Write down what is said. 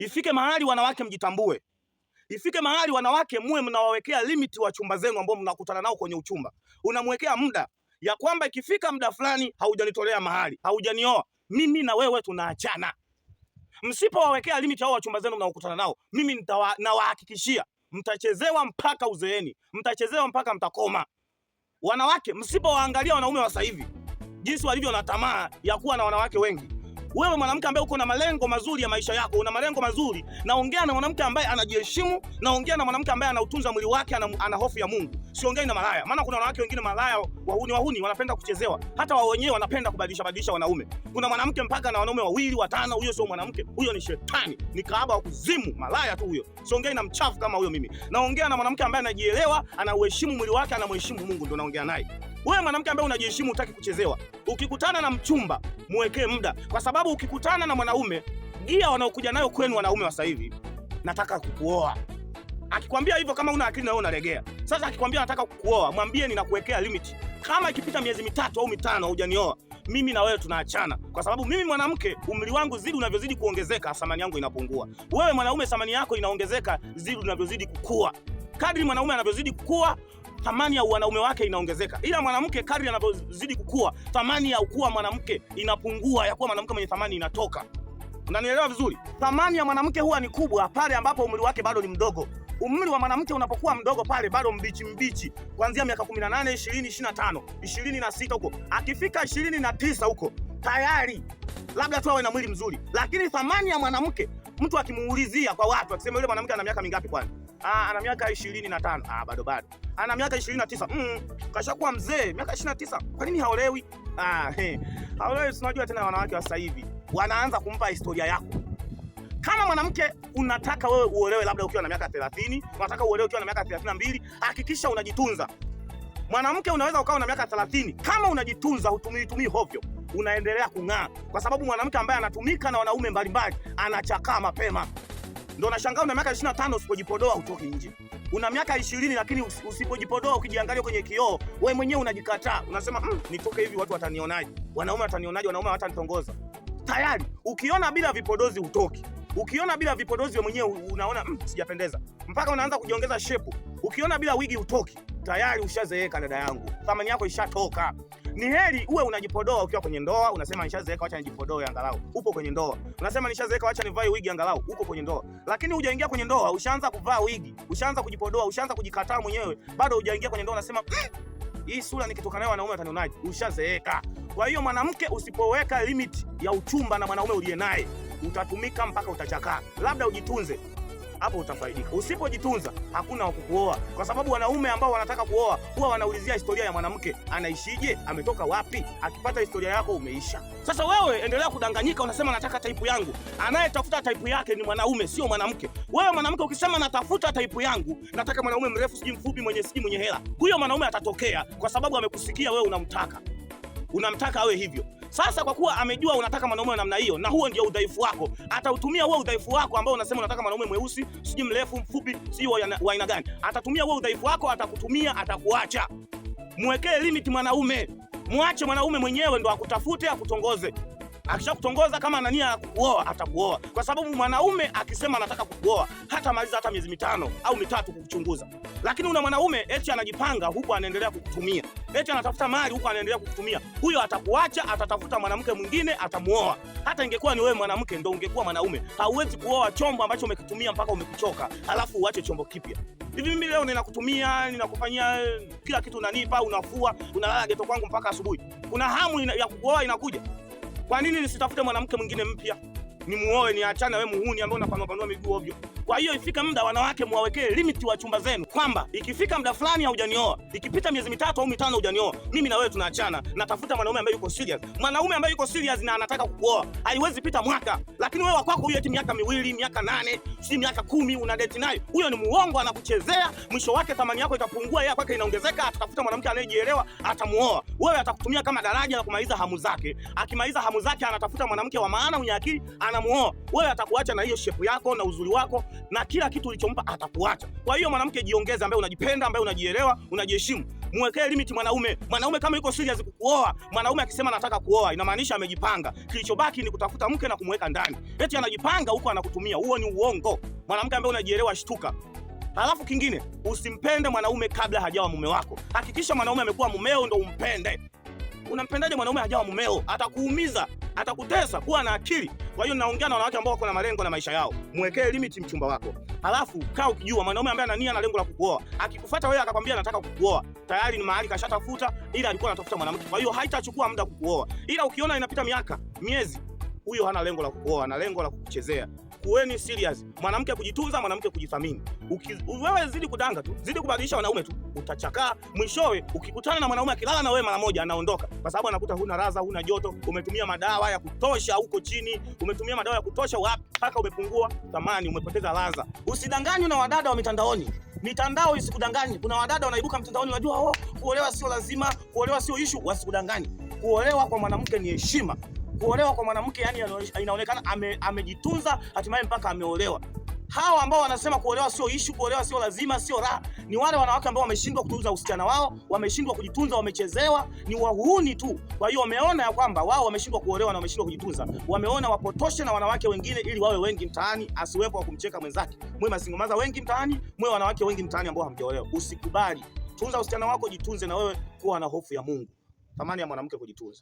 Ifike mahali wanawake mjitambue. Ifike mahali wanawake muwe mnawawekea limiti wa chumba zenu ambao mnakutana nao kwenye uchumba. Unamwekea muda ya kwamba ikifika muda fulani haujanitolea mahali, haujanioa. Mimi na wewe tunaachana. Msipowawekea limiti hao wa chumba zenu mnaokutana nao, mimi nawahakikishia mtachezewa mpaka uzeeni, mtachezewa mpaka mtakoma. Wanawake msipowaangalia wanaume wa sasa hivi jinsi walivyo na tamaa ya kuwa na wanawake wengi wewe mwanamke ambaye uko na malengo mazuri ya maisha yako, una malengo mazuri, naongea na mwanamke ambaye anajiheshimu, naongea na mwanamke ambaye anautunza mwili wake, ana, ana hofu ya Mungu. Siongei na malaya, maana kuna wanawake wengine malaya, wahuni, wahuni wanapenda kuchezewa, hata wao wenyewe wanapenda kubadilisha badilisha wanaume. Kuna mwanamke mpaka na wanaume wawili watano, huyo sio mwanamke, huyo ni shetani, ni kahaba wa kuzimu, malaya tu huyo. Siongei na mchafu kama huyo mimi, naongea na mwanamke ambaye anajielewa, anauheshimu mwili wake, anamheshimu Mungu, ndio naongea naye. Wewe mwanamke ambaye unajiheshimu, utaki kuchezewa, ukikutana na mchumba mwekee muda, kwa sababu ukikutana na mwanaume gia wanaokuja nayo kwenu wanaume wa sasa hivi, nataka kukuoa akikwambia hivyo, kama una akili na wewe unaregea. Sasa akikwambia nataka kukuoa, mwambie ninakuwekea limit. Kama ikipita miezi mitatu au mitano hujanioa mimi na wewe tunaachana, kwa sababu mimi mwanamke, umri wangu zidi unavyozidi kuongezeka, thamani yangu inapungua. Wewe mwanaume, thamani yako inaongezeka zidi unavyozidi kukua. Kadri mwanaume anavyozidi kukua, thamani ya wanaume wake inaongezeka, ila mwanamke kadri anavyozidi kukua, thamani ya kuwa mwanamke inapungua, ya kuwa mwanamke mwenye thamani inatoka. Unanielewa vizuri? Thamani ya mwanamke huwa ni kubwa pale ambapo umri wake bado ni mdogo. Umri wa mwanamke unapokuwa mdogo pale bado mbichi mbichi, kuanzia miaka 18, 20, 25, 26 huko, akifika 29 huko tayari labda tu awe na mwili mzuri, lakini thamani ya mwanamke mtu akimuulizia kwa watu akisema yule mwanamke ana miaka mingapi kwani Ah, ana miaka 25. Ah, bado bado. Ana miaka 29. Mm, kashakuwa mzee, miaka 29. Kwa nini haolewi? Ah, he. Haolewi, tunajua tena wanawake wa sasa hivi. Wanaanza kumpa historia yako. Kama mwanamke unataka wewe uolewe labda ukiwa na miaka 30, unataka uolewe ukiwa na miaka 32, hakikisha unajitunza. Mwanamke unaweza ukawa na miaka 30, kama unajitunza, hutumii tumii hovyo, unaendelea kung'aa, kwa sababu mwanamke ambaye anatumika na wanaume mbalimbali anachakaa mapema. Ndio unashangaa una miaka 25 usipojipodoa utoki nje. Una miaka 20 lakini usipojipodoa ukijiangalia kwenye kioo, wewe mwenyewe unajikataa. Unasema mm, nitoke hivi watu watanionaje? Wanaume watanionaje? Wanaume watanitongoza. Tayari ukiona bila vipodozi utoki. Ukiona bila vipodozi wewe mwenyewe unaona mm, sijapendeza. Mpaka unaanza kujiongeza shepu. Ukiona bila wigi utoki. Tayari ushazeeka dada yangu. Thamani yako ishatoka. Ni heri uwe unajipodoa ukiwa kwenye ndoa, unasema nishazeeka, acha nijipodoe angalau. Upo kwenye ndoa. Unasema nishazeeka, acha nivae wigi angalau. Uko kwenye ndoa. Lakini hujaingia kwenye ndoa, ushaanza kuvaa wigi, ushaanza kujipodoa, ushaanza kujikataa mwenyewe. Bado hujaingia kwenye ndoa unasema mm! Hii sura nikitoka nayo wanaume watanionaje? Ushazeeka. Kwa hiyo mwanamke, usipoweka limit ya uchumba na mwanaume uliye naye, utatumika mpaka utachakaa. Labda ujitunze hapo utafaidika. Usipojitunza hakuna wa kukuoa, kwa sababu wanaume ambao wanataka kuoa huwa wanaulizia historia ya mwanamke, anaishije, ametoka wapi. Akipata historia yako umeisha. Sasa wewe endelea kudanganyika, unasema nataka taipu yangu. Anayetafuta taipu yake ni mwanaume, sio mwanamke. Wewe mwanamke ukisema natafuta taipu yangu, nataka mwanaume mrefu, sijui mfupi, mwenye sijui mwenye hela, huyo mwanaume atatokea, kwa sababu amekusikia wewe unamtaka, unamtaka awe hivyo. Sasa kwa kuwa amejua unataka mwanaume wa namna hiyo, na huo ndio udhaifu wako, atautumia huo udhaifu wako ambao unasema unataka mwanaume mweusi, sijui mrefu, mfupi, sijui wa aina gani, atatumia huo udhaifu wako, atakutumia, atakuacha. Mwekee limit mwanaume, mwache mwanaume mwenyewe ndo akutafute, akutongoze. Akishakutongoza kama ana nia ya kukuoa atakuoa, kwa sababu mwanaume akisema anataka kukuoa hata maliza hata miezi mitano au mitatu kukuchunguza. Lakini una mwanaume eti anajipanga, huku anaendelea kukutumia. Beti anatafuta mali huko anaendelea kukutumia, huyo atakuacha, atatafuta mwanamke mwingine, atamuoa. Hata ingekuwa ni wewe mwanamke ndio ungekuwa mwanaume, hauwezi kuoa chombo ambacho umekitumia mpaka umekuchoka, alafu uache chombo kipya. Hivi mimi leo ninakutumia, ninakufanyia eh, kila kitu, unanipa, unafua, unalala geto kwangu mpaka asubuhi, kuna hamu ina, ya kuoa inakuja. Kwa nini nisitafute mwanamke mwingine mpya, nimuoe, niachane wewe muhuni ambaye unapanua miguu ovyo? Kwa hiyo ifika muda wanawake mwawekee limiti wa chumba zenu, kwamba ikifika muda fulani haujanioa, ikipita miezi mitatu au mitano hujanioa, mimi na wewe tunaachana, natafuta mwanaume ambaye yuko serious. Mwanaume ambaye yuko serious na anataka kukuoa, haiwezi pita mwaka. Lakini wewe wako huyo eti miaka miwili, miaka nane, si miaka kumi una date naye, huyo ni muongo, anakuchezea. Mwisho wake thamani yako itapungua, yeye kwake inaongezeka. Atatafuta mwanamke anayejielewa, atamuoa wewe, atakutumia kama daraja la kumaliza hamu zake. Akimaliza hamu zake, anatafuta mwanamke wa maana mwenye akili, anamuoa wewe, atakuacha na hiyo shepu yako na uzuri wako na kila kitu ulichompa atakuacha. Kwa hiyo mwanamke, jiongeze, ambaye unajipenda, ambaye unajielewa, unajiheshimu, mwekee limit mwanaume. Mwanaume kama yuko serious kukuoa, mwanaume akisema nataka kuoa, inamaanisha amejipanga. Kilichobaki ni kutafuta mke na kumweka ndani. Eti anajipanga huko, anakutumia. Huo ni uongo. Mwanamke ambaye unajielewa, shtuka. Halafu kingine, usimpende mwanaume kabla hajawa mume wako. Hakikisha mwanaume amekuwa mumeo ndo umpende. Unampendaje mwanaume hajawa mumeo? Atakuumiza atakutesa. Kuwa na akili. Kwa hiyo naongea na wanawake ambao wako na malengo na maisha yao, mwekee limiti mchumba wako, halafu kaa ukijua mwanaume ambaye ana nia na lengo la kukuoa, akikufuata wewe akakwambia nataka kukuoa, tayari ni mahali kashatafuta, ila alikuwa anatafuta mwanamke. Kwa hiyo haitachukua muda kukuoa, ila ukiona inapita miaka, miezi, huyo hana lengo la kukuoa, ana lengo la kukuchezea kuweni serious. Mwanamke kujitunza, mwanamke kujithamini. Wewe zidi kudanga tu, zidi kubadilisha wanaume tu, utachakaa. Mwishowe ukikutana na mwanaume akilala na wewe mara moja anaondoka, kwa sababu anakuta huna raza, huna joto, umetumia madawa ya kutosha huko chini, umetumia madawa ya kutosha wapi, mpaka umepungua thamani, umepoteza raza. Usidanganywe na wadada wa mitandaoni. Mitandao isikudanganye. Kuna wadada wanaibuka mtandaoni, unajua oh, kuolewa sio lazima, kuolewa sio ishu. Wasikudanganye, kuolewa kwa mwanamke ni heshima kuolewa kwa mwanamke yani inaonekana ame, amejitunza hatimaye mpaka ameolewa. Hawa ambao wanasema kuolewa sio ishu, kuolewa sio lazima, sio raha, ni wale wanawake ambao wameshindwa kutunza usichana wao, wameshindwa kujitunza, wamechezewa, ni wahuni tu. Kwa hiyo wameona ya kwamba wao wameshindwa kuolewa na wameshindwa kujitunza, wameona wapotoshe na wanawake wengine ili wawe wengi mtaani, asiwepo wa kumcheka mwenzake. Mwe masingomaza wengi mtaani, mwe wanawake wengi mtaani ambao hamjaolewa. Usikubali, tunza usichana wako, jitunze na wewe, kuwa na hofu ya Mungu, thamani ya mwanamke kujitunza.